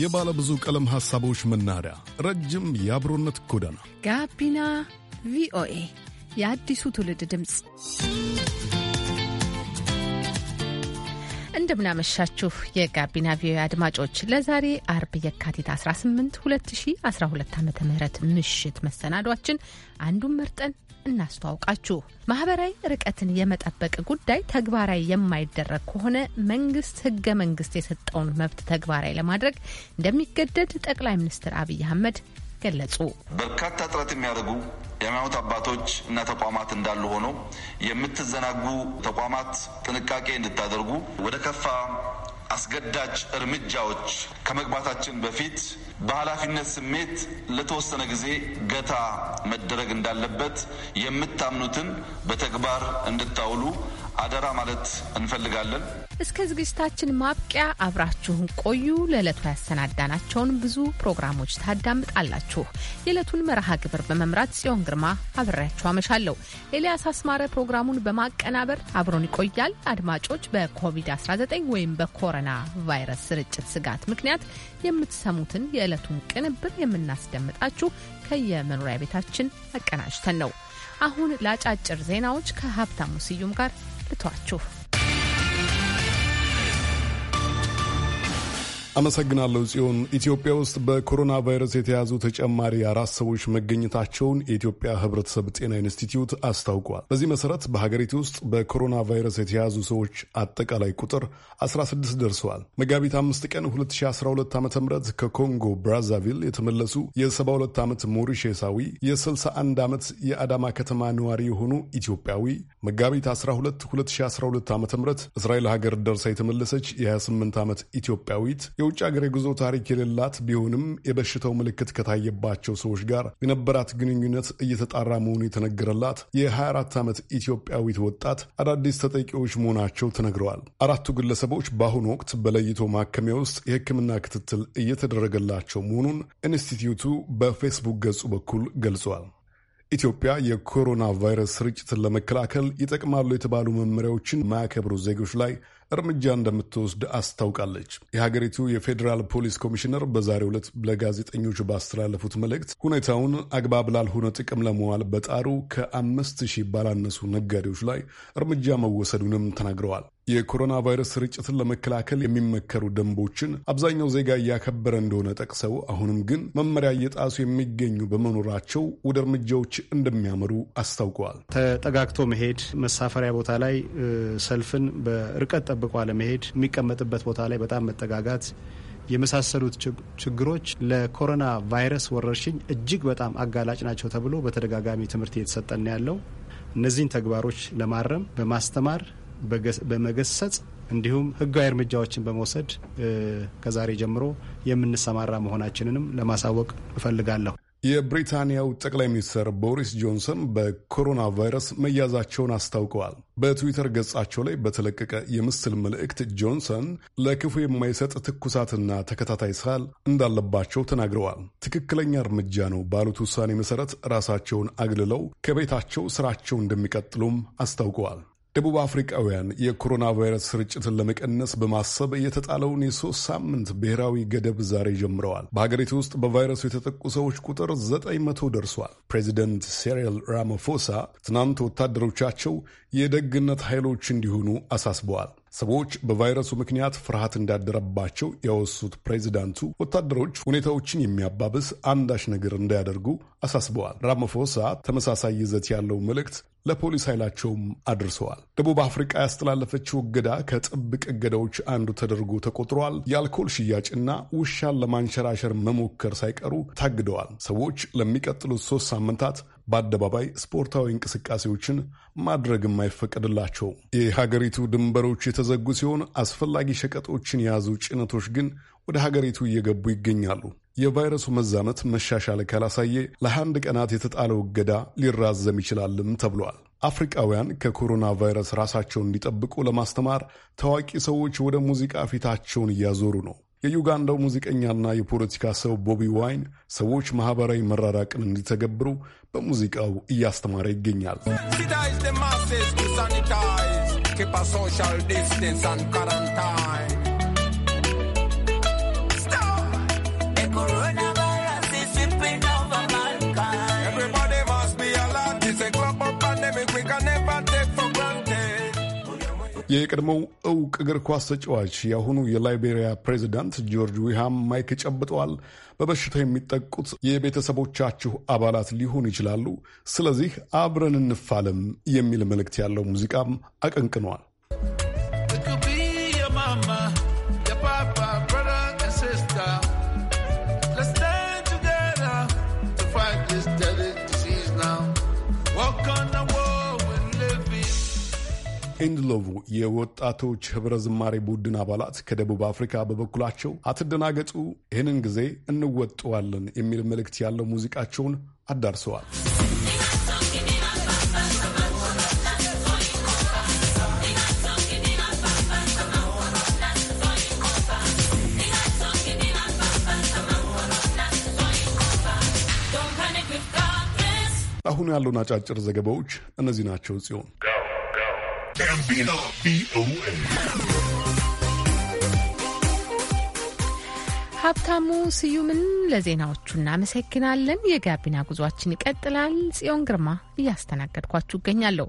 የባለ ብዙ ቀለም ሐሳቦች መናኸሪያ፣ ረጅም የአብሮነት ጎዳና ጋቢና ቪኦኤ የአዲሱ ትውልድ ድምፅ። እንደምናመሻችሁ የጋቢና ቪኦኤ አድማጮች፣ ለዛሬ አርብ የካቲት 18 2012 ዓ ም ምሽት መሰናዷችን አንዱን መርጠን እናስተዋውቃችሁ። ማህበራዊ ርቀትን የመጠበቅ ጉዳይ ተግባራዊ የማይደረግ ከሆነ መንግስት ህገ መንግስት የሰጠውን መብት ተግባራዊ ለማድረግ እንደሚገደድ ጠቅላይ ሚኒስትር አብይ አህመድ ገለጹ። በርካታ ጥረት የሚያደርጉ የሃይማኖት አባቶች እና ተቋማት እንዳሉ ሆኖ የምትዘናጉ ተቋማት ጥንቃቄ እንድታደርጉ ወደ ከፋ አስገዳጅ እርምጃዎች ከመግባታችን በፊት በኃላፊነት ስሜት ለተወሰነ ጊዜ ገታ መደረግ እንዳለበት የምታምኑትን በተግባር እንድታውሉ አደራ ማለት እንፈልጋለን። እስከ ዝግጅታችን ማብቂያ አብራችሁን ቆዩ። ለዕለቱ ያሰናዳናቸውን ብዙ ፕሮግራሞች ታዳምጣላችሁ። የዕለቱን መርሃ ግብር በመምራት ጽዮን ግርማ አብሬያችሁ አመሻለሁ። ኤልያስ አስማረ ፕሮግራሙን በማቀናበር አብሮን ይቆያል። አድማጮች፣ በኮቪድ-19 ወይም በኮሮና ቫይረስ ስርጭት ስጋት ምክንያት የምትሰሙትን የዕለቱን ቅንብር የምናስደምጣችሁ ከየመኖሪያ ቤታችን አቀናጅተን ነው። አሁን ለአጫጭር ዜናዎች ከሀብታሙ ስዩም ጋር ልተዋችሁ። አመሰግናለሁ ጽዮን። ኢትዮጵያ ውስጥ በኮሮና ቫይረስ የተያዙ ተጨማሪ አራት ሰዎች መገኘታቸውን የኢትዮጵያ ሕብረተሰብ ጤና ኢንስቲትዩት አስታውቋል። በዚህ መሰረት በሀገሪቱ ውስጥ በኮሮና ቫይረስ የተያዙ ሰዎች አጠቃላይ ቁጥር 16 ደርሰዋል። መጋቢት አምስት ቀን 2012 ዓ ም ከኮንጎ ብራዛቪል የተመለሱ የ72 ዓመት ሞሪሼሳዊ፣ የ61 ዓመት የአዳማ ከተማ ነዋሪ የሆኑ ኢትዮጵያዊ መጋቢት 12 2012 ዓ ም እስራኤል ሀገር ደርሳ የተመለሰች የ28 ዓመት ኢትዮጵያዊት የውጭ ሀገር የጉዞ ታሪክ የሌላት ቢሆንም የበሽታው ምልክት ከታየባቸው ሰዎች ጋር የነበራት ግንኙነት እየተጣራ መሆኑ የተነገረላት የ24 ዓመት ኢትዮጵያዊት ወጣት አዳዲስ ተጠቂዎች መሆናቸው ተነግረዋል። አራቱ ግለሰቦች በአሁኑ ወቅት በለይቶ ማከሚያ ውስጥ የሕክምና ክትትል እየተደረገላቸው መሆኑን ኢንስቲትዩቱ በፌስቡክ ገጹ በኩል ገልጿል። ኢትዮጵያ የኮሮና ቫይረስ ስርጭትን ለመከላከል ይጠቅማሉ የተባሉ መመሪያዎችን ማያከብሩ ዜጎች ላይ እርምጃ እንደምትወስድ አስታውቃለች። የሀገሪቱ የፌዴራል ፖሊስ ኮሚሽነር በዛሬው ዕለት ለጋዜጠኞች ባስተላለፉት መልእክት ሁኔታውን አግባብ ላልሆነ ጥቅም ለመዋል በጣሩ ከአምስት ሺህ ባላነሱ ነጋዴዎች ላይ እርምጃ መወሰዱንም ተናግረዋል። የኮሮና ቫይረስ ስርጭትን ለመከላከል የሚመከሩ ደንቦችን አብዛኛው ዜጋ እያከበረ እንደሆነ ጠቅሰው አሁንም ግን መመሪያ እየጣሱ የሚገኙ በመኖራቸው ወደ እርምጃዎች እንደሚያመሩ አስታውቀዋል። ተጠጋግቶ መሄድ፣ መሳፈሪያ ቦታ ላይ ሰልፍን በርቀት ጠብቆ አለመሄድ፣ የሚቀመጥበት ቦታ ላይ በጣም መጠጋጋት የመሳሰሉት ችግሮች ለኮሮና ቫይረስ ወረርሽኝ እጅግ በጣም አጋላጭ ናቸው ተብሎ በተደጋጋሚ ትምህርት እየተሰጠን ያለው እነዚህን ተግባሮች ለማረም በማስተማር በመገሰጽ እንዲሁም ሕጋዊ እርምጃዎችን በመውሰድ ከዛሬ ጀምሮ የምንሰማራ መሆናችንንም ለማሳወቅ እፈልጋለሁ። የብሪታንያው ጠቅላይ ሚኒስትር ቦሪስ ጆንሰን በኮሮና ቫይረስ መያዛቸውን አስታውቀዋል። በትዊተር ገጻቸው ላይ በተለቀቀ የምስል መልእክት ጆንሰን ለክፉ የማይሰጥ ትኩሳትና ተከታታይ ሳል እንዳለባቸው ተናግረዋል። ትክክለኛ እርምጃ ነው ባሉት ውሳኔ መሠረት ራሳቸውን አግልለው ከቤታቸው ስራቸው እንደሚቀጥሉም አስታውቀዋል። ደቡብ አፍሪቃውያን የኮሮና ቫይረስ ስርጭትን ለመቀነስ በማሰብ የተጣለውን የሶስት ሳምንት ብሔራዊ ገደብ ዛሬ ጀምረዋል። በሀገሪቱ ውስጥ በቫይረሱ የተጠቁ ሰዎች ቁጥር ዘጠኝ መቶ ደርሷል። ፕሬዚደንት ሴሪል ራማፎሳ ትናንት ወታደሮቻቸው የደግነት ኃይሎች እንዲሆኑ አሳስበዋል። ሰዎች በቫይረሱ ምክንያት ፍርሃት እንዳደረባቸው ያወሱት ፕሬዚዳንቱ ወታደሮች ሁኔታዎችን የሚያባብስ አንዳች ነገር እንዳያደርጉ አሳስበዋል። ራማፎሳ ተመሳሳይ ይዘት ያለው መልእክት ለፖሊስ ኃይላቸውም አድርሰዋል። ደቡብ አፍሪቃ ያስተላለፈችው እገዳ ከጥብቅ እገዳዎች አንዱ ተደርጎ ተቆጥሯል። የአልኮል ሽያጭና ውሻን ለማንሸራሸር መሞከር ሳይቀሩ ታግደዋል። ሰዎች ለሚቀጥሉት ሶስት ሳምንታት በአደባባይ ስፖርታዊ እንቅስቃሴዎችን ማድረግ የማይፈቀድላቸው። የሀገሪቱ ድንበሮች የተዘጉ ሲሆን አስፈላጊ ሸቀጦችን የያዙ ጭነቶች ግን ወደ ሀገሪቱ እየገቡ ይገኛሉ። የቫይረሱ መዛመት መሻሻል ካላሳየ ለአንድ ቀናት የተጣለው እገዳ ሊራዘም ይችላልም ተብሏል። አፍሪቃውያን ከኮሮና ቫይረስ ራሳቸውን እንዲጠብቁ ለማስተማር ታዋቂ ሰዎች ወደ ሙዚቃ ፊታቸውን እያዞሩ ነው። የዩጋንዳው ሙዚቀኛና የፖለቲካ ሰው ቦቢ ዋይን ሰዎች ማህበራዊ መራራቅን እንዲተገብሩ በሙዚቃው እያስተማረ ይገኛል። Corona. የቀድሞው እውቅ እግር ኳስ ተጫዋች የአሁኑ የላይቤሪያ ፕሬዚዳንት ጆርጅ ዊሃም ማይክ ጨብጠዋል። በበሽታ የሚጠቁት የቤተሰቦቻችሁ አባላት ሊሆኑ ይችላሉ፣ ስለዚህ አብረን እንፋለም የሚል መልእክት ያለው ሙዚቃም አቀንቅኗል። ኬንድሎቭ የወጣቶች ህብረ ዝማሬ ቡድን አባላት ከደቡብ አፍሪካ በበኩላቸው አትደናገጡ፣ ይህንን ጊዜ እንወጠዋለን የሚል መልእክት ያለው ሙዚቃቸውን አዳርሰዋል። አሁን ያሉን አጫጭር ዘገባዎች እነዚህ ናቸው። ጽዮን ሀብታሙ ስዩምን ለዜናዎቹ እናመሰግናለን። የጋቢና ጉዟችን ይቀጥላል። ጽዮን ግርማ እያስተናገድኳችሁ እገኛለሁ።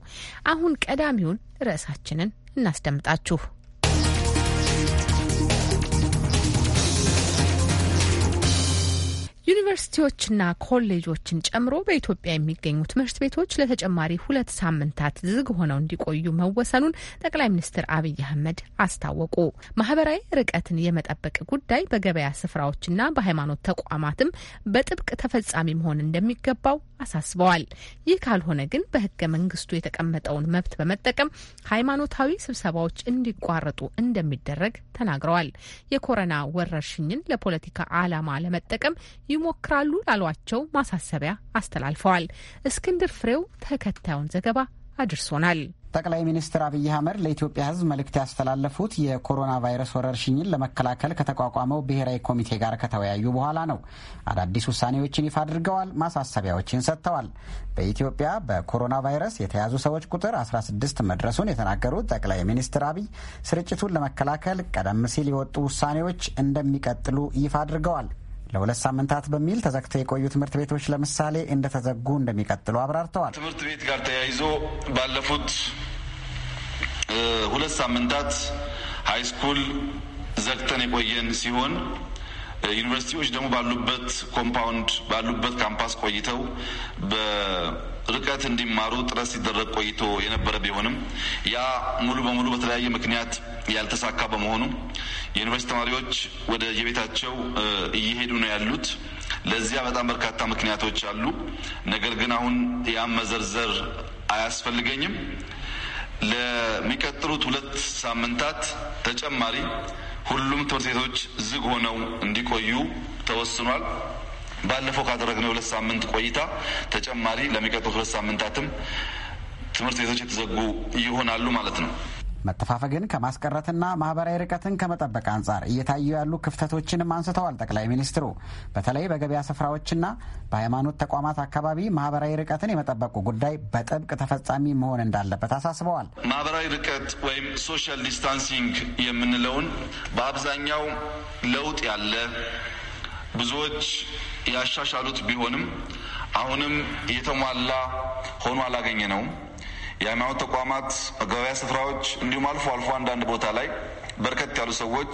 አሁን ቀዳሚውን ርዕሳችንን እናስደምጣችሁ። ዩኒቨርሲቲዎችና ኮሌጆችን ጨምሮ በኢትዮጵያ የሚገኙ ትምህርት ቤቶች ለተጨማሪ ሁለት ሳምንታት ዝግ ሆነው እንዲቆዩ መወሰኑን ጠቅላይ ሚኒስትር አብይ አህመድ አስታወቁ። ማህበራዊ ርቀትን የመጠበቅ ጉዳይ በገበያ ስፍራዎችና በሃይማኖት ተቋማትም በጥብቅ ተፈጻሚ መሆን እንደሚገባው አሳስበዋል። ይህ ካልሆነ ግን በህገ መንግስቱ የተቀመጠውን መብት በመጠቀም ሃይማኖታዊ ስብሰባዎች እንዲቋረጡ እንደሚደረግ ተናግረዋል። የኮረና ወረርሽኝን ለፖለቲካ ዓላማ ለመጠቀም ይሞክራሉ ላሏቸው ማሳሰቢያ አስተላልፈዋል። እስክንድር ፍሬው ተከታዩን ዘገባ አድርሶናል። ጠቅላይ ሚኒስትር አብይ አህመድ ለኢትዮጵያ ሕዝብ መልእክት ያስተላለፉት የኮሮና ቫይረስ ወረርሽኝን ለመከላከል ከተቋቋመው ብሔራዊ ኮሚቴ ጋር ከተወያዩ በኋላ ነው። አዳዲስ ውሳኔዎችን ይፋ አድርገዋል። ማሳሰቢያዎችን ሰጥተዋል። በኢትዮጵያ በኮሮና ቫይረስ የተያዙ ሰዎች ቁጥር 16 መድረሱን የተናገሩት ጠቅላይ ሚኒስትር አብይ ስርጭቱን ለመከላከል ቀደም ሲል የወጡ ውሳኔዎች እንደሚቀጥሉ ይፋ አድርገዋል። ለሁለት ሳምንታት በሚል ተዘግተው የቆዩ ትምህርት ቤቶች ለምሳሌ እንደተዘጉ እንደሚቀጥሉ አብራርተዋል። ትምህርት ቤት ጋር ተያይዞ ባለፉት ሁለት ሳምንታት ሃይስኩል ዘግተን የቆየን ሲሆን ዩኒቨርሲቲዎች ደግሞ ባሉበት ኮምፓውንድ ባሉበት ካምፓስ ቆይተው በርቀት እንዲማሩ ጥረት ሲደረግ ቆይቶ የነበረ ቢሆንም ያ ሙሉ በሙሉ በተለያየ ምክንያት ያልተሳካ በመሆኑ የዩኒቨርሲቲ ተማሪዎች ወደ የቤታቸው እየሄዱ ነው ያሉት። ለዚያ በጣም በርካታ ምክንያቶች አሉ። ነገር ግን አሁን ያ መዘርዘር አያስፈልገኝም። ለሚቀጥሉት ሁለት ሳምንታት ተጨማሪ ሁሉም ትምህርት ቤቶች ዝግ ሆነው እንዲቆዩ ተወስኗል። ባለፈው ካደረግነው የሁለት ሳምንት ቆይታ ተጨማሪ ለሚቀጥሉት ሁለት ሳምንታትም ትምህርት ቤቶች የተዘጉ ይሆናሉ ማለት ነው። መተፋፈግን ከማስቀረትና ማህበራዊ ርቀትን ከመጠበቅ አንጻር እየታዩ ያሉ ክፍተቶችንም አንስተዋል ጠቅላይ ሚኒስትሩ። በተለይ በገበያ ስፍራዎችና በሃይማኖት ተቋማት አካባቢ ማህበራዊ ርቀትን የመጠበቁ ጉዳይ በጥብቅ ተፈጻሚ መሆን እንዳለበት አሳስበዋል። ማህበራዊ ርቀት ወይም ሶሻል ዲስታንሲንግ የምንለውን በአብዛኛው ለውጥ ያለ ብዙዎች ያሻሻሉት ቢሆንም አሁንም የተሟላ ሆኖ አላገኘ ነውም። የሃይማኖት ተቋማት፣ መገበያ ስፍራዎች እንዲሁም አልፎ አልፎ አንዳንድ ቦታ ላይ በርከት ያሉ ሰዎች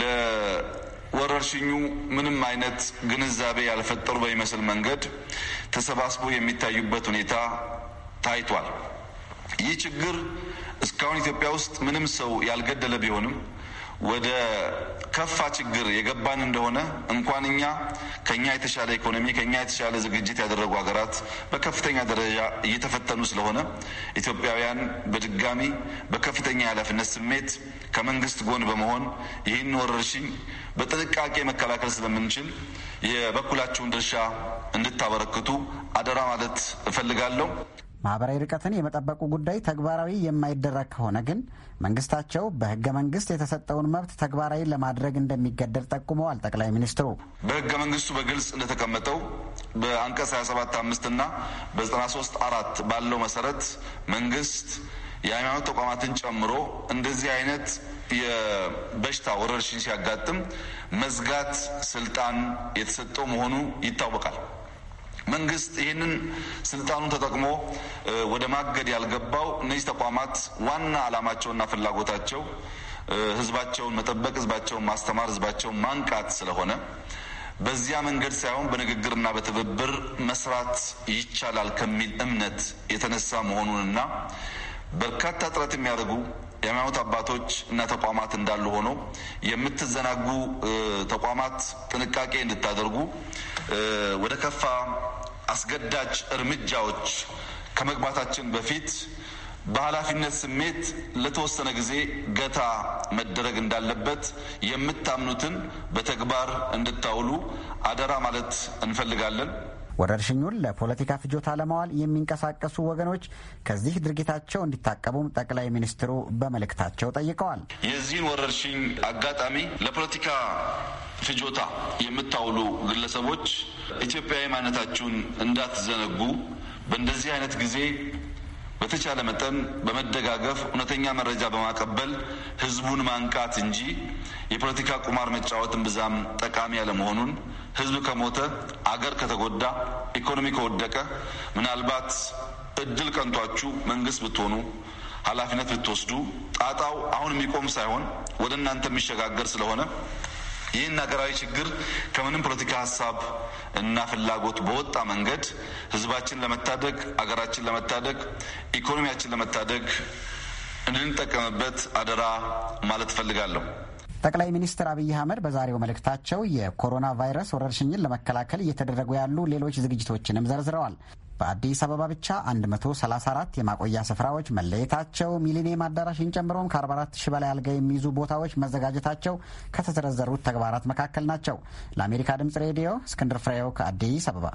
ለወረርሽኙ ምንም አይነት ግንዛቤ ያልፈጠሩ በሚመስል መንገድ ተሰባስቦ የሚታዩበት ሁኔታ ታይቷል። ይህ ችግር እስካሁን ኢትዮጵያ ውስጥ ምንም ሰው ያልገደለ ቢሆንም ወደ ከፋ ችግር የገባን እንደሆነ እንኳን እኛ ከኛ የተሻለ ኢኮኖሚ ከኛ የተሻለ ዝግጅት ያደረጉ ሀገራት በከፍተኛ ደረጃ እየተፈተኑ ስለሆነ ኢትዮጵያውያን በድጋሚ በከፍተኛ የኃላፊነት ስሜት ከመንግስት ጎን በመሆን ይህን ወረርሽኝ በጥንቃቄ መከላከል ስለምንችል የበኩላችሁን ድርሻ እንድታበረክቱ አደራ ማለት እፈልጋለሁ። ማህበራዊ ርቀትን የመጠበቁ ጉዳይ ተግባራዊ የማይደረግ ከሆነ ግን መንግስታቸው በህገ መንግስት የተሰጠውን መብት ተግባራዊ ለማድረግ እንደሚገደል ጠቁመዋል። ጠቅላይ ሚኒስትሩ በህገ መንግስቱ በግልጽ እንደተቀመጠው በአንቀጽ 27 አምስት እና በ93 አራት ባለው መሰረት መንግስት የሃይማኖት ተቋማትን ጨምሮ እንደዚህ አይነት የበሽታ ወረርሽኝ ሲያጋጥም መዝጋት ስልጣን የተሰጠው መሆኑ ይታወቃል። መንግስት ይህንን ስልጣኑን ተጠቅሞ ወደ ማገድ ያልገባው እነዚህ ተቋማት ዋና አላማቸውና ፍላጎታቸው ህዝባቸውን መጠበቅ፣ ህዝባቸውን ማስተማር፣ ህዝባቸውን ማንቃት ስለሆነ በዚያ መንገድ ሳይሆን በንግግርና በትብብር መስራት ይቻላል ከሚል እምነት የተነሳ መሆኑንና በርካታ ጥረት የሚያደርጉ የሃይማኖት አባቶች እና ተቋማት እንዳሉ ሆኖ የምትዘናጉ ተቋማት ጥንቃቄ እንድታደርጉ ወደ ከፋ አስገዳጅ እርምጃዎች ከመግባታችን በፊት በኃላፊነት ስሜት ለተወሰነ ጊዜ ገታ መደረግ እንዳለበት የምታምኑትን በተግባር እንድታውሉ አደራ ማለት እንፈልጋለን። ወረርሽኙን ለፖለቲካ ፍጆታ ለማዋል የሚንቀሳቀሱ ወገኖች ከዚህ ድርጊታቸው እንዲታቀቡም ጠቅላይ ሚኒስትሩ በመልእክታቸው ጠይቀዋል። የዚህን ወረርሽኝ አጋጣሚ ለፖለቲካ ፍጆታ የምታውሉ ግለሰቦች ኢትዮጵያዊ ማንነታችሁን እንዳትዘነጉ በእንደዚህ አይነት ጊዜ በተቻለ መጠን በመደጋገፍ እውነተኛ መረጃ በማቀበል ህዝቡን ማንቃት እንጂ የፖለቲካ ቁማር መጫወትን ብዛም ጠቃሚ ያለመሆኑን ህዝብ ከሞተ፣ አገር ከተጎዳ፣ ኢኮኖሚ ከወደቀ ምናልባት እድል ቀንቷችሁ መንግስት ብትሆኑ ኃላፊነት ብትወስዱ ጣጣው አሁን የሚቆም ሳይሆን ወደ እናንተ የሚሸጋገር ስለሆነ ይህን ሀገራዊ ችግር ከምንም ፖለቲካ ሀሳብ እና ፍላጎት በወጣ መንገድ ህዝባችን ለመታደግ አገራችን ለመታደግ ኢኮኖሚያችን ለመታደግ እንድንጠቀምበት አደራ ማለት እፈልጋለሁ። ጠቅላይ ሚኒስትር አብይ አህመድ በዛሬው መልእክታቸው የኮሮና ቫይረስ ወረርሽኝን ለመከላከል እየተደረጉ ያሉ ሌሎች ዝግጅቶችንም ዘርዝረዋል። በአዲስ አበባ ብቻ 134 የማቆያ ስፍራዎች መለየታቸው፣ ሚሊኒየም አዳራሽን ጨምሮም ከ44 ሺህ በላይ አልጋ የሚይዙ ቦታዎች መዘጋጀታቸው ከተዘረዘሩት ተግባራት መካከል ናቸው። ለአሜሪካ ድምጽ ሬዲዮ እስክንድር ፍሬው ከአዲስ አበባ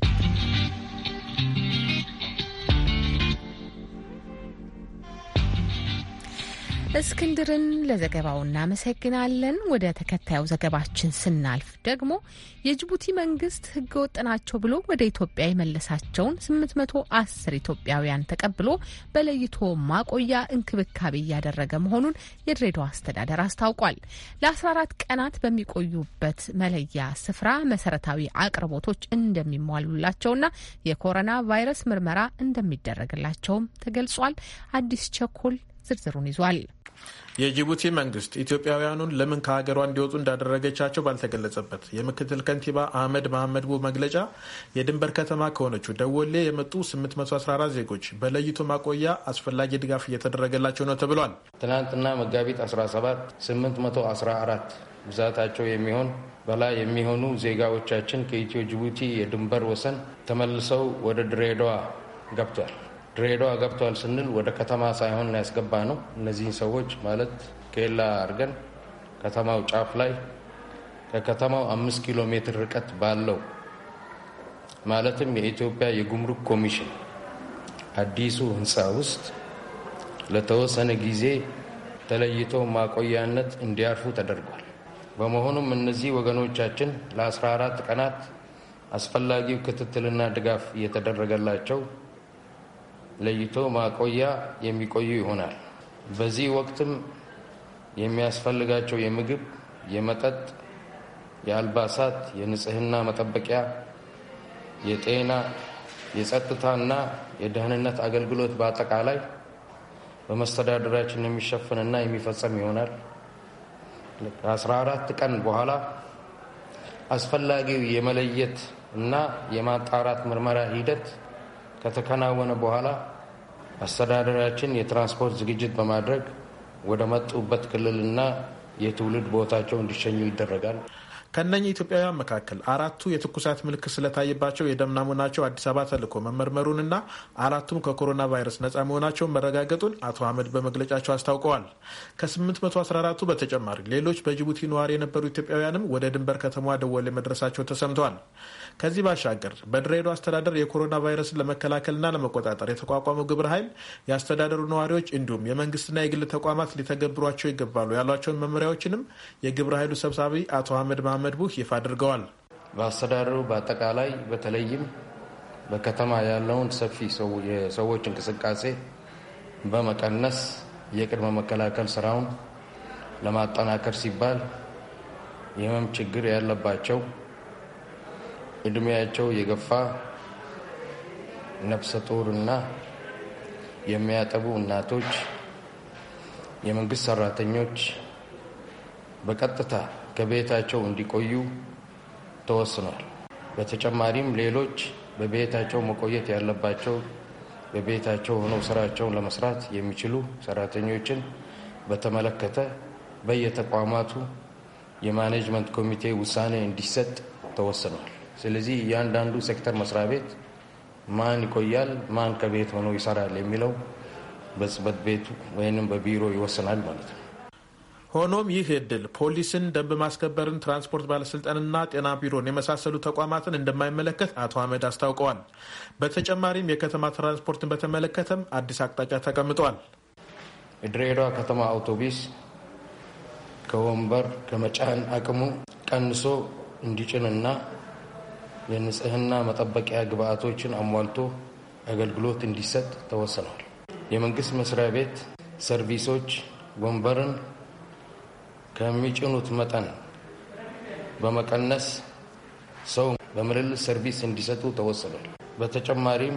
እስክንድርን ለዘገባው እናመሰግናለን። ወደ ተከታዩ ዘገባችን ስናልፍ ደግሞ የጅቡቲ መንግስት ወጥ ናቸው ብሎ ወደ ኢትዮጵያ የመለሳቸውን 810 ኢትዮጵያውያን ተቀብሎ በለይቶ ማቆያ እንክብካቤ እያደረገ መሆኑን የድሬዳዋ አስተዳደር አስታውቋል። ለ14 ቀናት በሚቆዩበት መለያ ስፍራ መሰረታዊ አቅርቦቶች እንደሚሟሉላቸውና የኮሮና ቫይረስ ምርመራ እንደሚደረግላቸውም ተገልጿል። አዲስ ቸኮል ዝርዝሩን ይዟል። የጅቡቲ መንግስት ኢትዮጵያውያኑን ለምን ከሀገሯ እንዲወጡ እንዳደረገቻቸው ባልተገለጸበት የምክትል ከንቲባ አህመድ መሐመድ ቡ መግለጫ የድንበር ከተማ ከሆነችው ደወሌ የመጡ 814 ዜጎች በለይቶ ማቆያ አስፈላጊ ድጋፍ እየተደረገላቸው ነው ተብሏል። ትናንትና መጋቢት 17 814 ብዛታቸው የሚሆን በላይ የሚሆኑ ዜጋዎቻችን ከኢትዮ ጅቡቲ የድንበር ወሰን ተመልሰው ወደ ድሬዳዋ ገብቷል። ድሬዳዋ ገብተዋል ስንል ወደ ከተማ ሳይሆን ያስገባ ነው። እነዚህን ሰዎች ማለት ኬላ አድርገን ከተማው ጫፍ ላይ ከከተማው አምስት ኪሎ ሜትር ርቀት ባለው ማለትም የኢትዮጵያ የጉምሩክ ኮሚሽን አዲሱ ህንፃ ውስጥ ለተወሰነ ጊዜ ተለይቶ ማቆያነት እንዲያርፉ ተደርጓል። በመሆኑም እነዚህ ወገኖቻችን ለ14 ቀናት አስፈላጊው ክትትልና ድጋፍ እየተደረገላቸው ለይቶ ማቆያ የሚቆዩ ይሆናል። በዚህ ወቅትም የሚያስፈልጋቸው የምግብ፣ የመጠጥ፣ የአልባሳት፣ የንጽህና መጠበቂያ፣ የጤና፣ የጸጥታና የደህንነት አገልግሎት በአጠቃላይ በመስተዳደራችን የሚሸፍንና የሚፈጸም ይሆናል። ከ14 ቀን በኋላ አስፈላጊው የመለየት እና የማጣራት ምርመራ ሂደት ከተከናወነ በኋላ አስተዳደራችን የትራንስፖርት ዝግጅት በማድረግ ወደ መጡበት ክልልና የትውልድ ቦታቸው እንዲሸኙ ይደረጋል። ከነኝ ኢትዮጵያውያን መካከል አራቱ የትኩሳት ምልክት ስለታየባቸው የደም ናሙናቸው አዲስ አበባ ተልኮ መመርመሩንና አራቱም ከኮሮና ቫይረስ ነጻ መሆናቸውን መረጋገጡን አቶ አህመድ በመግለጫቸው አስታውቀዋል። ከ814ቱ በተጨማሪ ሌሎች በጅቡቲ ነዋሪ የነበሩ ኢትዮጵያውያንም ወደ ድንበር ከተማዋ ደወሌ መድረሳቸው ተሰምተዋል። ከዚህ ባሻገር በድሬዳዋ አስተዳደር የኮሮና ቫይረስን ለመከላከልና ለመቆጣጠር የተቋቋመው ግብረ ኃይል የአስተዳደሩ ነዋሪዎች እንዲሁም የመንግስትና የግል ተቋማት ሊተገብሯቸው ይገባሉ ያሏቸውን መመሪያዎችንም የግብረ ኃይሉ ሰብሳቢ አቶ አህመድ መሀመድ ቡህ ይፋ አድርገዋል። በአስተዳደሩ በአጠቃላይ በተለይም በከተማ ያለውን ሰፊ የሰዎች እንቅስቃሴ በመቀነስ የቅድመ መከላከል ስራውን ለማጠናከር ሲባል የህመም ችግር ያለባቸው እድሜያቸው የገፋ ነፍሰ ጡርና የሚያጠቡ እናቶች፣ የመንግስት ሰራተኞች በቀጥታ ከቤታቸው እንዲቆዩ ተወስኗል። በተጨማሪም ሌሎች በቤታቸው መቆየት ያለባቸው በቤታቸው ሆነው ስራቸውን ለመስራት የሚችሉ ሰራተኞችን በተመለከተ በየተቋማቱ የማኔጅመንት ኮሚቴ ውሳኔ እንዲሰጥ ተወስኗል። ስለዚህ እያንዳንዱ ሴክተር መስሪያ ቤት ማን ይቆያል፣ ማን ከቤት ሆኖ ይሰራል የሚለው በጽህፈት ቤቱ ወይም በቢሮ ይወስናል ማለት ነው። ሆኖም ይህ እድል ፖሊስን፣ ደንብ ማስከበርን፣ ትራንስፖርት ባለስልጣንና ጤና ቢሮን የመሳሰሉ ተቋማትን እንደማይመለከት አቶ አህመድ አስታውቀዋል። በተጨማሪም የከተማ ትራንስፖርትን በተመለከተም አዲስ አቅጣጫ ተቀምጧል። የድሬዳዋ ከተማ አውቶቡስ ከወንበር ከመጫን አቅሙ ቀንሶ እንዲጭንና የንጽህና መጠበቂያ ግብአቶችን አሟልቶ አገልግሎት እንዲሰጥ ተወስኗል። የመንግስት መስሪያ ቤት ሰርቪሶች ወንበርን ከሚጭኑት መጠን በመቀነስ ሰው በምልልስ ሰርቪስ እንዲሰጡ ተወስኗል። በተጨማሪም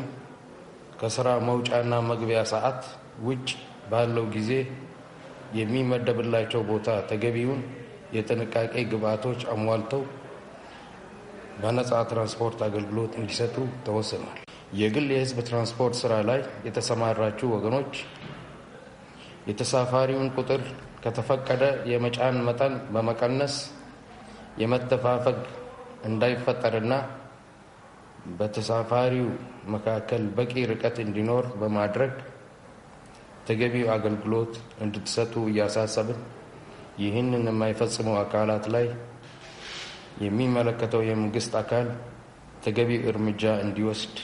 ከስራ መውጫና መግቢያ ሰዓት ውጭ ባለው ጊዜ የሚመደብላቸው ቦታ ተገቢውን የጥንቃቄ ግብአቶች አሟልተው በነጻ ትራንስፖርት አገልግሎት እንዲሰጡ ተወስኗል። የግል የህዝብ ትራንስፖርት ስራ ላይ የተሰማራችሁ ወገኖች የተሳፋሪውን ቁጥር ከተፈቀደ የመጫን መጠን በመቀነስ የመተፋፈግ እንዳይፈጠርና በተሳፋሪው መካከል በቂ ርቀት እንዲኖር በማድረግ ተገቢው አገልግሎት እንድትሰጡ እያሳሰብን ይህንን የማይፈጽሙ አካላት ላይ የሚመለከተው የመንግስት አካል ተገቢ እርምጃ እንዲወስድ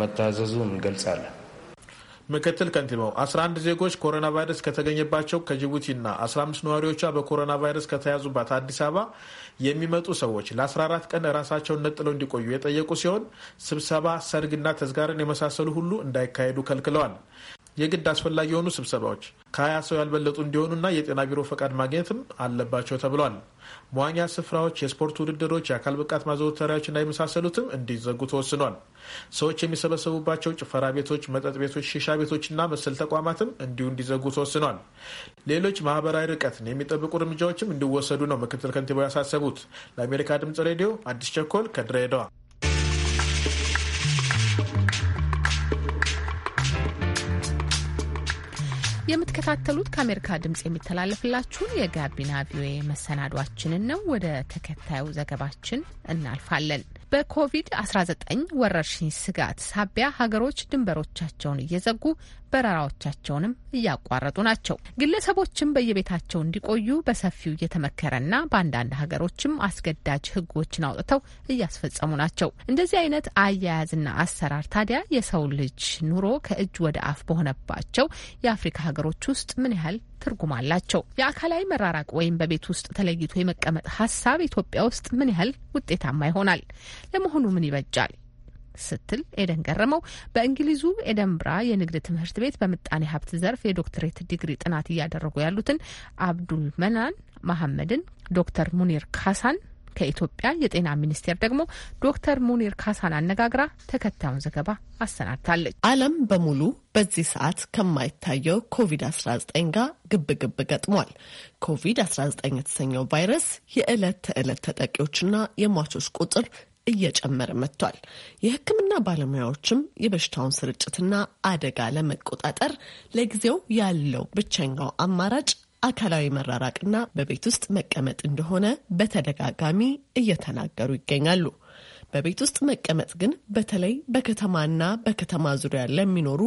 መታዘዙ እንገልጻለን። ምክትል ከንቲባው 11 ዜጎች ኮሮና ቫይረስ ከተገኘባቸው ከጅቡቲና 15 ነዋሪዎቿ በኮሮና ቫይረስ ከተያዙባት አዲስ አበባ የሚመጡ ሰዎች ለ14 ቀን ራሳቸውን ነጥለው እንዲቆዩ የጠየቁ ሲሆን ስብሰባ፣ ሰርግና ተዝካርን የመሳሰሉ ሁሉ እንዳይካሄዱ ከልክለዋል። የግድ አስፈላጊ የሆኑ ስብሰባዎች ከሀያ ሰው ያልበለጡ እንዲሆኑና የጤና ቢሮ ፈቃድ ማግኘትም አለባቸው ተብሏል። መዋኛ ስፍራዎች፣ የስፖርት ውድድሮች፣ የአካል ብቃት ማዘውተሪያዎችና የመሳሰሉትም እንዲዘጉ ተወስኗል። ሰዎች የሚሰበሰቡባቸው ጭፈራ ቤቶች፣ መጠጥ ቤቶች፣ ሺሻ ቤቶችና መሰል ተቋማትም እንዲሁ እንዲዘጉ ተወስኗል። ሌሎች ማህበራዊ ርቀትን የሚጠብቁ እርምጃዎችም እንዲወሰዱ ነው ምክትል ከንቲባው ያሳሰቡት። ለአሜሪካ ድምጽ ሬዲዮ አዲስ ቸኮል ከድሬዳዋ የምትከታተሉት ከአሜሪካ ድምፅ የሚተላለፍላችሁን የጋቢና ቪኦኤ መሰናዷችንን ነው። ወደ ተከታዩ ዘገባችን እናልፋለን። በኮቪድ-19 ወረርሽኝ ስጋት ሳቢያ ሀገሮች ድንበሮቻቸውን እየዘጉ በረራዎቻቸውንም እያቋረጡ ናቸው። ግለሰቦችም በየቤታቸው እንዲቆዩ በሰፊው እየተመከረና በአንዳንድ ሀገሮችም አስገዳጅ ሕጎችን አውጥተው እያስፈጸሙ ናቸው። እንደዚህ አይነት አያያዝና አሰራር ታዲያ የሰው ልጅ ኑሮ ከእጅ ወደ አፍ በሆነባቸው የአፍሪካ ሀገሮች ውስጥ ምን ያህል ትርጉም አላቸው። የአካላዊ መራራቅ ወይም በቤት ውስጥ ተለይቶ የመቀመጥ ሀሳብ ኢትዮጵያ ውስጥ ምን ያህል ውጤታማ ይሆናል? ለመሆኑ ምን ይበጃል? ስትል ኤደን ገረመው በእንግሊዙ ኤደንብራ የንግድ ትምህርት ቤት በምጣኔ ሀብት ዘርፍ የዶክትሬት ዲግሪ ጥናት እያደረጉ ያሉትን አብዱል መናን መሐመድን፣ ዶክተር ሙኒር ካሳን ከኢትዮጵያ የጤና ሚኒስቴር ደግሞ ዶክተር ሙኒር ካሳን አነጋግራ ተከታዩን ዘገባ አሰናድታለች። ዓለም በሙሉ በዚህ ሰዓት ከማይታየው ኮቪድ-19 ጋር ግብግብ ገጥሟል። ኮቪድ-19 የተሰኘው ቫይረስ የዕለት ተዕለት ተጠቂዎችና የሟቾች ቁጥር እየጨመረ መጥቷል። የሕክምና ባለሙያዎችም የበሽታውን ስርጭትና አደጋ ለመቆጣጠር ለጊዜው ያለው ብቸኛው አማራጭ አካላዊ መራራቅና በቤት ውስጥ መቀመጥ እንደሆነ በተደጋጋሚ እየተናገሩ ይገኛሉ። በቤት ውስጥ መቀመጥ ግን በተለይ በከተማና በከተማ ዙሪያ ለሚኖሩ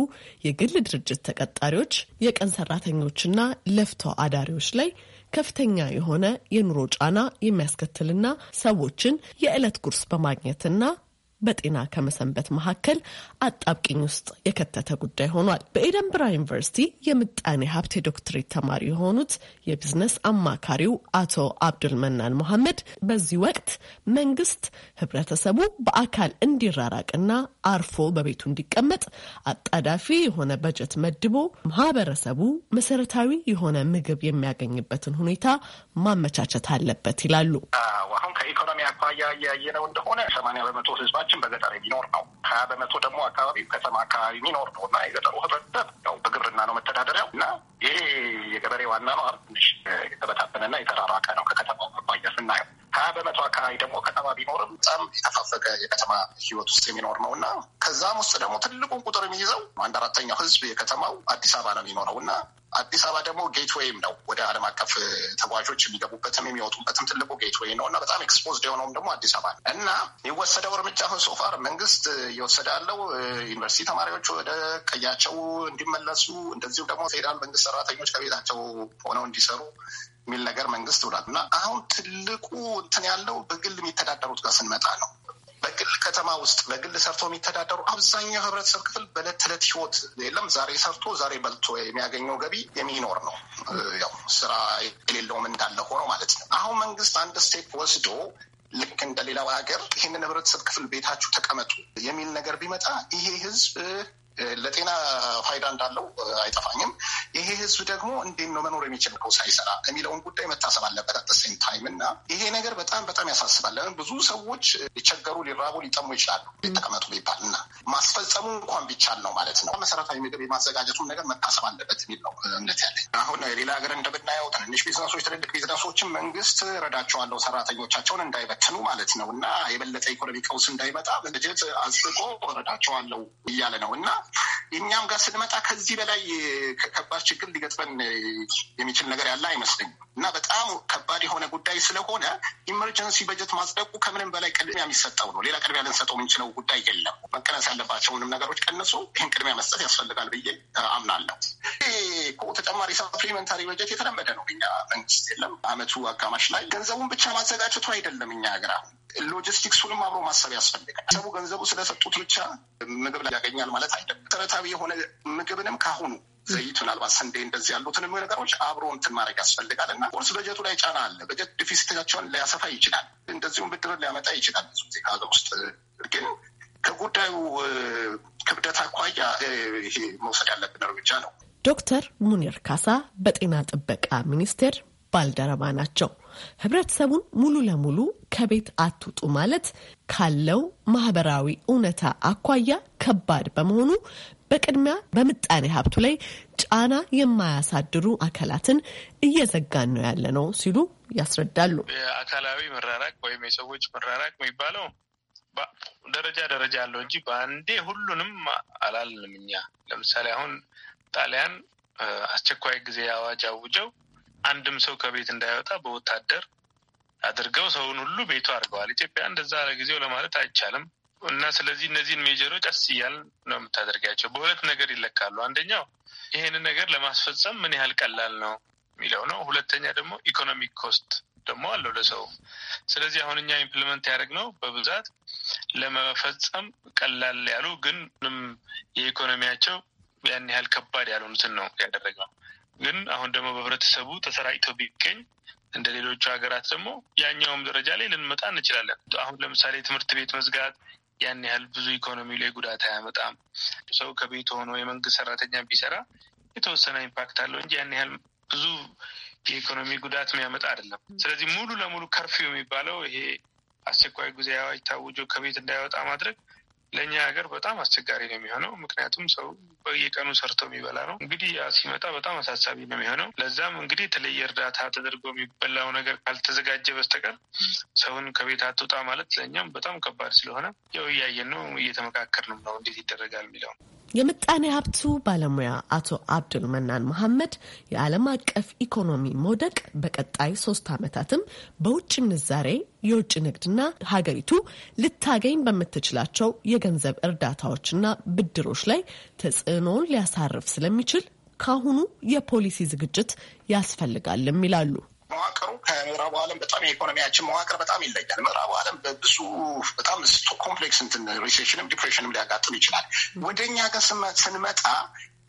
የግል ድርጅት ተቀጣሪዎች፣ የቀን ሰራተኞችና ለፍቶ አዳሪዎች ላይ ከፍተኛ የሆነ የኑሮ ጫና የሚያስከትልና ሰዎችን የዕለት ጉርስ በማግኘትና በጤና ከመሰንበት መካከል አጣብቂኝ ውስጥ የከተተ ጉዳይ ሆኗል። በኤደንብራ ዩኒቨርሲቲ የምጣኔ ሀብት የዶክትሬት ተማሪ የሆኑት የቢዝነስ አማካሪው አቶ አብዱል መናን መሐመድ በዚህ ወቅት መንግስት ህብረተሰቡ በአካል እንዲራራቅና አርፎ በቤቱ እንዲቀመጥ አጣዳፊ የሆነ በጀት መድቦ ማህበረሰቡ መሰረታዊ የሆነ ምግብ የሚያገኝበትን ሁኔታ ማመቻቸት አለበት ይላሉ። አሁን ከኢኮኖሚ አኳያ እያየነው እንደሆነ ሰማንያ በመቶ ህዝባ ህብረተሰባችን በገጠር የሚኖር ነው። ሀያ በመቶ ደግሞ አካባቢ ከተማ አካባቢ የሚኖር ነው እና የገጠሩ ህብረተሰብ ያው በግብርና ነው መተዳደሪያው እና ይሄ የገበሬ ዋና ነው አርቡሽ ትንሽ የተበታተነና የተራራቀ ነው ከከተማ አኳያ ስናየው። ሀያ በመቶ አካባቢ ደግሞ ከተማ ቢኖርም በጣም የተፋፈገ የከተማ ህይወት ውስጥ የሚኖር ነው እና ከዛም ውስጥ ደግሞ ትልቁን ቁጥር የሚይዘው አንድ አራተኛው ህዝብ የከተማው አዲስ አበባ ነው የሚኖረው እና አዲስ አበባ ደግሞ ጌትዌይም ነው ወደ ዓለም አቀፍ ተጓዦች የሚገቡበትም የሚወጡበትም ትልቁ ጌትዌይ ነው እና በጣም ኤክስፖዝድ የሆነውም ደግሞ አዲስ አበባ ነው እና የወሰደው እርምጃ ሶፋር መንግስት እየወሰደ ያለው ዩኒቨርሲቲ ተማሪዎች ወደ ቀያቸው እንዲመለሱ እንደዚሁም ደግሞ ፌዴራል መንግስት ሰራተኞች ከቤታቸው ሆነው እንዲሰሩ የሚል ነገር መንግስት ብሏል። እና አሁን ትልቁ እንትን ያለው በግል የሚተዳደሩት ጋር ስንመጣ ነው። በግል ከተማ ውስጥ በግል ሰርቶ የሚተዳደሩ አብዛኛው ህብረተሰብ ክፍል በዕለት ተዕለት ህይወት የለም። ዛሬ ሰርቶ ዛሬ በልቶ የሚያገኘው ገቢ የሚኖር ነው። ያው ስራ የሌለውም እንዳለ ሆኖ ማለት ነው። አሁን መንግስት አንድ ስቴፕ ወስዶ ልክ እንደ ሌላው ሀገር ይህንን ህብረተሰብ ክፍል ቤታችሁ ተቀመጡ የሚል ነገር ቢመጣ ይሄ ህዝብ ለጤና ፋይዳ እንዳለው አይጠፋኝም። ይሄ ህዝብ ደግሞ እንዴት ነው መኖር የሚችለው ሳይሰራ የሚለውን ጉዳይ መታሰብ አለበት። አጠሴም ታይም እና ይሄ ነገር በጣም በጣም ያሳስባል። ለምን ብዙ ሰዎች ሊቸገሩ፣ ሊራቡ፣ ሊጠሙ ይችላሉ ሊጠቀመጡ ቢባል እና ማስፈጸሙ እንኳን ቢቻል ነው ማለት ነው። መሰረታዊ ምግብ የማዘጋጀቱን ነገር መታሰብ አለበት የሚል ነው እምነት ያለኝ። አሁን ሌላ ሀገር እንደምናየው ትንንሽ ቢዝነሶች፣ ትልልቅ ቢዝነሶችን መንግስት ረዳቸዋለው ሰራተኞቻቸውን እንዳይበትኑ ማለት ነው እና የበለጠ ኢኮኖሚ ቀውስ እንዳይመጣ በጀት አጽድቆ ረዳቸዋለው እያለ ነው እና እኛም ጋር ስንመጣ ከዚህ በላይ ከባድ ችግር ሊገጥመን የሚችል ነገር ያለ አይመስለኝም እና በጣም ከባድ የሆነ ጉዳይ ስለሆነ ኢመርጀንሲ በጀት ማጽደቁ ከምንም በላይ ቅድሚያ የሚሰጠው ነው። ሌላ ቅድሚያ ልንሰጠው የምንችለው ጉዳይ የለም። መቀነስ ያለባቸውንም ነገሮች ቀንሶ ይህን ቅድሚያ መስጠት ያስፈልጋል ብዬ አምናለሁ። ተጨማሪ ሰፕሊመንታሪ በጀት የተለመደ ነው። እኛ መንግስት የለም አመቱ አጋማሽ ላይ ገንዘቡን ብቻ ማዘጋጀቱ አይደለም እኛ ሀገር አሁን ሎጂስቲክሱንም አብሮ ማሰብ ያስፈልጋል። ሰቡ ገንዘቡ ስለሰጡት ብቻ ምግብ ላይ ያገኛል ማለት አይደለም። መሰረታዊ የሆነ ምግብንም ካሁኑ ዘይት ምናልባት ስንዴ እንደዚህ ያሉትን ነገሮች አብሮ እንትን ማድረግ ያስፈልጋል እና ቁርስ በጀቱ ላይ ጫና አለ። በጀት ዲፊሲታቸውን ሊያሰፋ ይችላል፣ እንደዚሁም ብድር ሊያመጣ ይችላል። ብዙ ጊዜ ከሀገር ውስጥ ግን ከጉዳዩ ክብደት አኳያ ይሄ መውሰድ ያለብን እርምጃ ነው። ዶክተር ሙኒር ካሳ በጤና ጥበቃ ሚኒስቴር ባልደረባ ናቸው። ህብረተሰቡን ሙሉ ለሙሉ ከቤት አትውጡ ማለት ካለው ማህበራዊ እውነታ አኳያ ከባድ በመሆኑ በቅድሚያ በምጣኔ ሀብቱ ላይ ጫና የማያሳድሩ አካላትን እየዘጋን ነው ያለ ነው ሲሉ ያስረዳሉ። የአካላዊ መራራቅ ወይም የሰዎች መራራቅ የሚባለው ደረጃ ደረጃ አለው እንጂ በአንዴ ሁሉንም አላልንም እኛ። ለምሳሌ አሁን ጣሊያን አስቸኳይ ጊዜ አዋጅ አውጀው አንድም ሰው ከቤት እንዳይወጣ በወታደር አድርገው ሰውን ሁሉ ቤቱ አድርገዋል። ኢትዮጵያ እንደዛ ያለ ጊዜው ለማለት አይቻልም እና ስለዚህ እነዚህን ሜጀሮች ቀስ እያል ነው የምታደርጋቸው። በሁለት ነገር ይለካሉ። አንደኛው ይህንን ነገር ለማስፈጸም ምን ያህል ቀላል ነው የሚለው ነው። ሁለተኛ ደግሞ ኢኮኖሚክ ኮስት ደግሞ አለው ለሰው። ስለዚህ አሁን እኛ ኢምፕሊመንት ያደረግነው በብዛት ለመፈጸም ቀላል ያሉ ግን ምንም የኢኮኖሚያቸው ያን ያህል ከባድ ያልሆኑትን ነው ያደረግነው። ግን አሁን ደግሞ በህብረተሰቡ ተሰራጭቶ ቢገኝ እንደ ሌሎቹ ሀገራት ደግሞ ያኛውም ደረጃ ላይ ልንመጣ እንችላለን። አሁን ለምሳሌ ትምህርት ቤት መዝጋት ያን ያህል ብዙ ኢኮኖሚ ላይ ጉዳት አያመጣም። ሰው ከቤት ሆኖ የመንግስት ሰራተኛ ቢሰራ የተወሰነ ኢምፓክት አለው እንጂ ያን ያህል ብዙ የኢኮኖሚ ጉዳት የሚያመጣ አይደለም። ስለዚህ ሙሉ ለሙሉ ከርፊው የሚባለው ይሄ አስቸኳይ ጊዜ አዋጅ ታውጆ ከቤት እንዳይወጣ ማድረግ ለእኛ ሀገር በጣም አስቸጋሪ ነው የሚሆነው። ምክንያቱም ሰው በየቀኑ ሰርቶ የሚበላ ነው። እንግዲህ ያ ሲመጣ በጣም አሳሳቢ ነው የሚሆነው። ለዛም እንግዲህ የተለየ እርዳታ ተደርጎ የሚበላው ነገር ካልተዘጋጀ በስተቀር ሰውን ከቤት አትውጣ ማለት ለእኛም በጣም ከባድ ስለሆነ ያው እያየን ነው፣ እየተመካከርን ነው እንዴት ይደረጋል የሚለው የምጣኔ ሀብቱ ባለሙያ አቶ አብዱል መናን መሐመድ የዓለም አቀፍ ኢኮኖሚ መውደቅ በቀጣይ ሶስት ዓመታትም በውጭ ምንዛሬ፣ የውጭ ንግድና ሀገሪቱ ልታገኝ በምትችላቸው የገንዘብ እርዳታዎችና ብድሮች ላይ ተጽዕኖውን ሊያሳርፍ ስለሚችል ካሁኑ የፖሊሲ ዝግጅት ያስፈልጋልም ይላሉ። መዋቅሩ ከምዕራቡ ዓለም በጣም የኢኮኖሚያችን መዋቅር በጣም ይለያል። ምዕራቡ ዓለም በብዙ በጣም ኮምፕሌክስ እንትን ሪሴሽንም ዲፕሬሽንም ሊያጋጥም ይችላል። ወደ እኛ ጋር ስንመጣ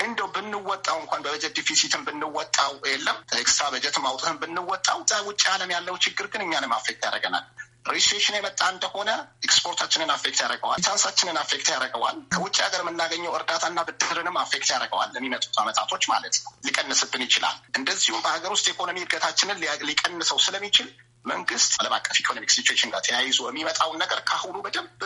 እንደው ብንወጣው እንኳን በበጀት ዲፊሲትን ብንወጣው የለም ኤክስትራ በጀት ማውጣትን ብንወጣው እዛ ውጭ ዓለም ያለው ችግር ግን እኛንም አፌክት ያደርገናል። ሪሴሽን የመጣ እንደሆነ ኤክስፖርታችንን አፌክት ያደርገዋል፣ ቻንሳችንን አፌክት ያደርገዋል፣ ከውጭ ሀገር የምናገኘው እርዳታና ብድርንም አፌክት ያደርገዋል። ለሚመጡት አመጣቶች ማለት ነው ሊቀንስብን ይችላል። እንደዚሁም በሀገር ውስጥ ኢኮኖሚ እድገታችንን ሊቀንሰው ስለሚችል መንግስት ዓለም አቀፍ ኢኮኖሚክ ሲቹዌሽን ጋር ተያይዞ የሚመጣውን ነገር ከአሁኑ በደንብ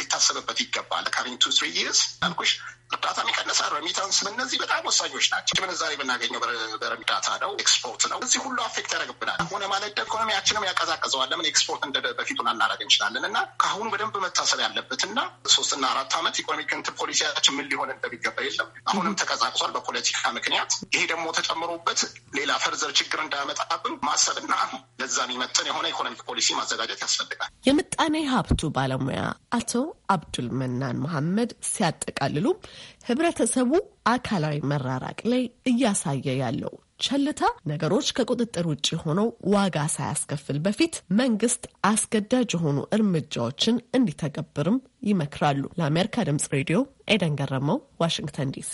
ሊታሰብበት ይገባል። ቱ ስሪ ይርስ ያልኩሽ እርዳታ ይቀንሳል። ረሚታንስ፣ እነዚህ በጣም ወሳኞች ናቸው። ምንዛሬ የምናገኘው በረሚዳታ ነው፣ ኤክስፖርት ነው። እዚህ ሁሉ አፌክት ያደርግብናል። ሆነ ማለት ኢኮኖሚያችንም ያቀዛቅዘዋል። ለምን ኤክስፖርት እንደ በፊቱን አናደርግ እንችላለን እና ከአሁኑ በደንብ መታሰብ ያለበት እና ሶስትና አራት ዓመት ኢኮኖሚክ እንትን ፖሊሲያችን ምን ሊሆን እንደሚገባ የለም። አሁንም ተቀዛቅዟል በፖለቲካ ምክንያት። ይሄ ደግሞ ተጨምሮበት ሌላ ፈርዘር ችግር እንዳያመጣብን ማሰብና ለዛ የሚመጥን የሆነ ኢኮኖሚክ ፖሊሲ ማዘጋጀት ያስፈልጋል። የምጣኔ ሀብቱ ባለሙያ አቶ አብዱል መናን መሐመድ ሲያጠቃልሉም ህብረተሰቡ አካላዊ መራራቅ ላይ እያሳየ ያለው ቸልታ ነገሮች ከቁጥጥር ውጭ ሆነው ዋጋ ሳያስከፍል በፊት መንግስት አስገዳጅ የሆኑ እርምጃዎችን እንዲተገብርም ይመክራሉ። ለአሜሪካ ድምጽ ሬዲዮ ኤደን ገረመው፣ ዋሽንግተን ዲሲ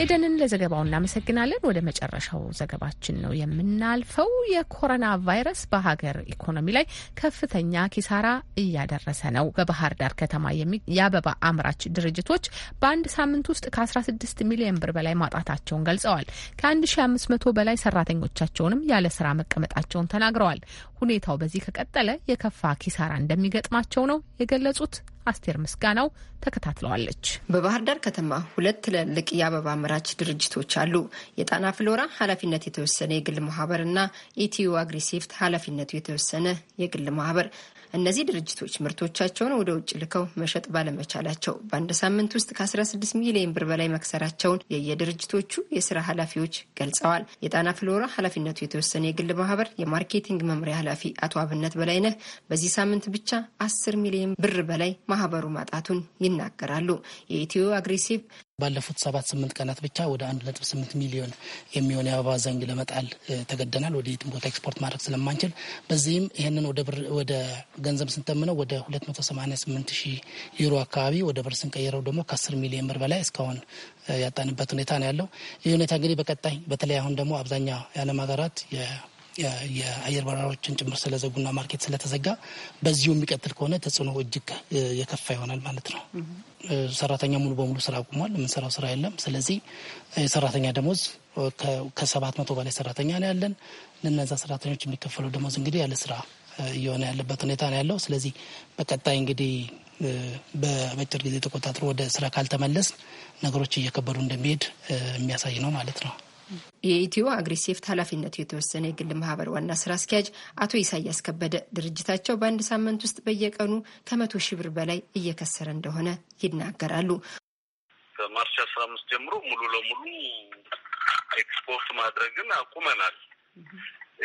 ኤደንን ለዘገባው እናመሰግናለን። ወደ መጨረሻው ዘገባችን ነው የምናልፈው። የኮሮና ቫይረስ በሀገር ኢኮኖሚ ላይ ከፍተኛ ኪሳራ እያደረሰ ነው። በባህር ዳር ከተማ የአበባ አምራች ድርጅቶች በአንድ ሳምንት ውስጥ ከ16 ሚሊዮን ብር በላይ ማጣታቸውን ገልጸዋል። ከ1500 በላይ ሰራተኞቻቸውንም ያለ ስራ መቀመጣቸውን ተናግረዋል። ሁኔታው በዚህ ከቀጠለ የከፋ ኪሳራ እንደሚገጥማቸው ነው የገለጹት። አስቴር ምስጋናው ተከታትለዋለች። በባህር ዳር ከተማ ሁለት ትልልቅ የአበባ አምራች ድርጅቶች አሉ። የጣና ፍሎራ ኃላፊነት የተወሰነ የግል ማህበር እና ኢትዮ አግሪ ኃላፊነቱ የተወሰነ የግል ማህበር እነዚህ ድርጅቶች ምርቶቻቸውን ወደ ውጭ ልከው መሸጥ ባለመቻላቸው በአንድ ሳምንት ውስጥ ከ16 ሚሊዮን ብር በላይ መክሰራቸውን የየድርጅቶቹ የስራ ኃላፊዎች ገልጸዋል። የጣና ፍሎራ ኃላፊነቱ የተወሰነ የግል ማህበር የማርኬቲንግ መምሪያ ኃላፊ አቶ አብነት በላይነህ በዚህ ሳምንት ብቻ 10 ሚሊዮን ብር በላይ ማህበሩ ማጣቱን ይናገራሉ። የኢትዮ አግሬሲቭ ባለፉት ሰባት ስምንት ቀናት ብቻ ወደ አንድ ነጥብ ስምንት ሚሊዮን የሚሆን የአበባ ዘንግ ለመጣል ተገደናል። ወደ የትም ቦታ ኤክስፖርት ማድረግ ስለማንችል በዚህም ይህንን ወደ ገንዘብ ስንተምነው ወደ ስምንት ሺ ዩሮ አካባቢ ወደ ብር ስንቀይረው ደግሞ ከ ሚሊዮን ብር በላይ እስካሁን ያጣንበት ሁኔታ ነው ያለው። ይህ ሁኔታ እንግዲህ በቀጣይ በተለይ አሁን ደግሞ አብዛኛው የዓለም ሀገራት የአየር በረራዎችን ጭምር ስለዘጉና ማርኬት ስለተዘጋ በዚሁ የሚቀጥል ከሆነ ተጽዕኖ እጅግ የከፋ ይሆናል ማለት ነው። ሰራተኛ ሙሉ በሙሉ ስራ አቁሟል። የምንሰራው ስራ የለም። ስለዚህ የሰራተኛ ደሞዝ ከሰባት መቶ በላይ ሰራተኛ ነው ያለን። ለነዛ ሰራተኞች የሚከፈለው ደሞዝ እንግዲህ ያለ ስራ እየሆነ ያለበት ሁኔታ ነው ያለው። ስለዚህ በቀጣይ እንግዲህ በአጭር ጊዜ ተቆጣጥሮ ወደ ስራ ካልተመለስ ነገሮች እየከበዱ እንደሚሄድ የሚያሳይ ነው ማለት ነው። የኢትዮ አግሪሴፍት ኃላፊነቱ የተወሰነ የግል ማህበር ዋና ስራ አስኪያጅ አቶ ኢሳያስ ከበደ ድርጅታቸው በአንድ ሳምንት ውስጥ በየቀኑ ከመቶ ሺህ ብር በላይ እየከሰረ እንደሆነ ይናገራሉ። ከማርች አስራ አምስት ጀምሮ ሙሉ ለሙሉ ኤክስፖርት ማድረግን አቁመናል።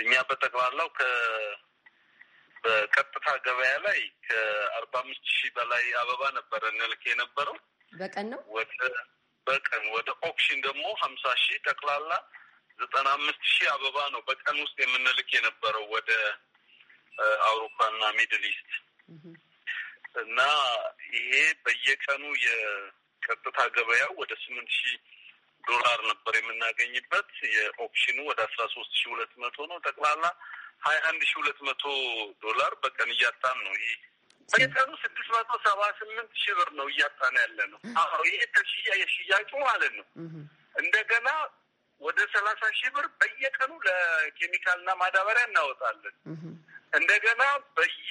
እኛ በጠቅላላው በቀጥታ ገበያ ላይ ከአርባ አምስት ሺህ በላይ አበባ ነበረ እንልክ የነበረው በቀን ነው ወደ በቀን ወደ ኦክሽን ደግሞ ሀምሳ ሺህ ጠቅላላ ዘጠና አምስት ሺህ አበባ ነው በቀን ውስጥ የምንልክ የነበረው ወደ አውሮፓና ሚድል ኢስት እና ይሄ በየቀኑ የቀጥታ ገበያው ወደ ስምንት ሺህ ዶላር ነበር የምናገኝበት። የኦፕሽኑ ወደ አስራ ሶስት ሺህ ሁለት መቶ ነው። ጠቅላላ ሀያ አንድ ሺህ ሁለት መቶ ዶላር በቀን እያጣን ነው። ይህ በየቀኑ ስድስት መቶ ሰባ ስምንት ሺህ ብር ነው እያጣን ያለ ነው። አዎ ይሄ ከሽያ የሽያጩ ማለት ነው። እንደገና ወደ ሰላሳ ሺህ ብር በየቀኑ ለኬሚካልና ማዳበሪያ እናወጣለን። እንደገና በየ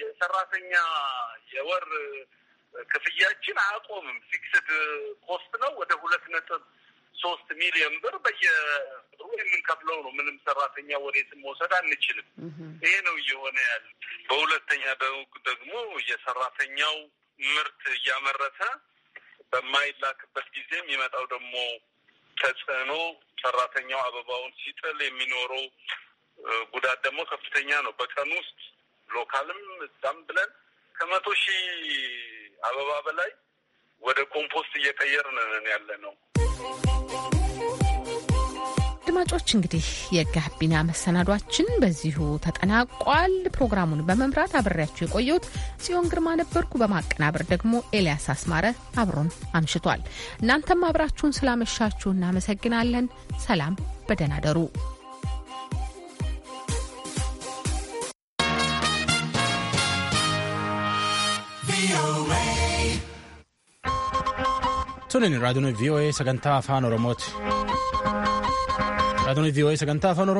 የሰራተኛ የወር ክፍያችን አያቆምም። ፊክስድ ኮስት ነው። ወደ ሁለት ነጥብ ሶስት ሚሊዮን ብር በየብሩ የምንከፍለው ነው። ምንም ሰራተኛ ወዴትም መውሰድ አንችልም። ይሄ ነው እየሆነ ያለ። በሁለተኛ ደግሞ የሰራተኛው ምርት እያመረተ በማይላክበት ጊዜ የሚመጣው ደግሞ ተጽዕኖ ሰራተኛው አበባውን ሲጥል የሚኖረው ጉዳት ደግሞ ከፍተኛ ነው። በቀን ውስጥ ሎካልም እዛም ብለን ከመቶ ሺህ አበባ በላይ ወደ ኮምፖስት እየቀየርን ያለ ነው። አድማጮች እንግዲህ የጋቢና መሰናዷችን በዚሁ ተጠናቋል። ፕሮግራሙን በመምራት አብሬያችሁ የቆየሁት ጽዮን ግርማ ነበርኩ። በማቀናበር ደግሞ ኤልያስ አስማረ አብሮን አምሽቷል። እናንተም አብራችሁን ስላመሻችሁ እናመሰግናለን። ሰላም፣ በደህና ደሩ። sunin raadiyoon vii'oo'ee sagantaa afaan oromooti. raadiyoon vii'oo'ee sagantaa afaan oromoo.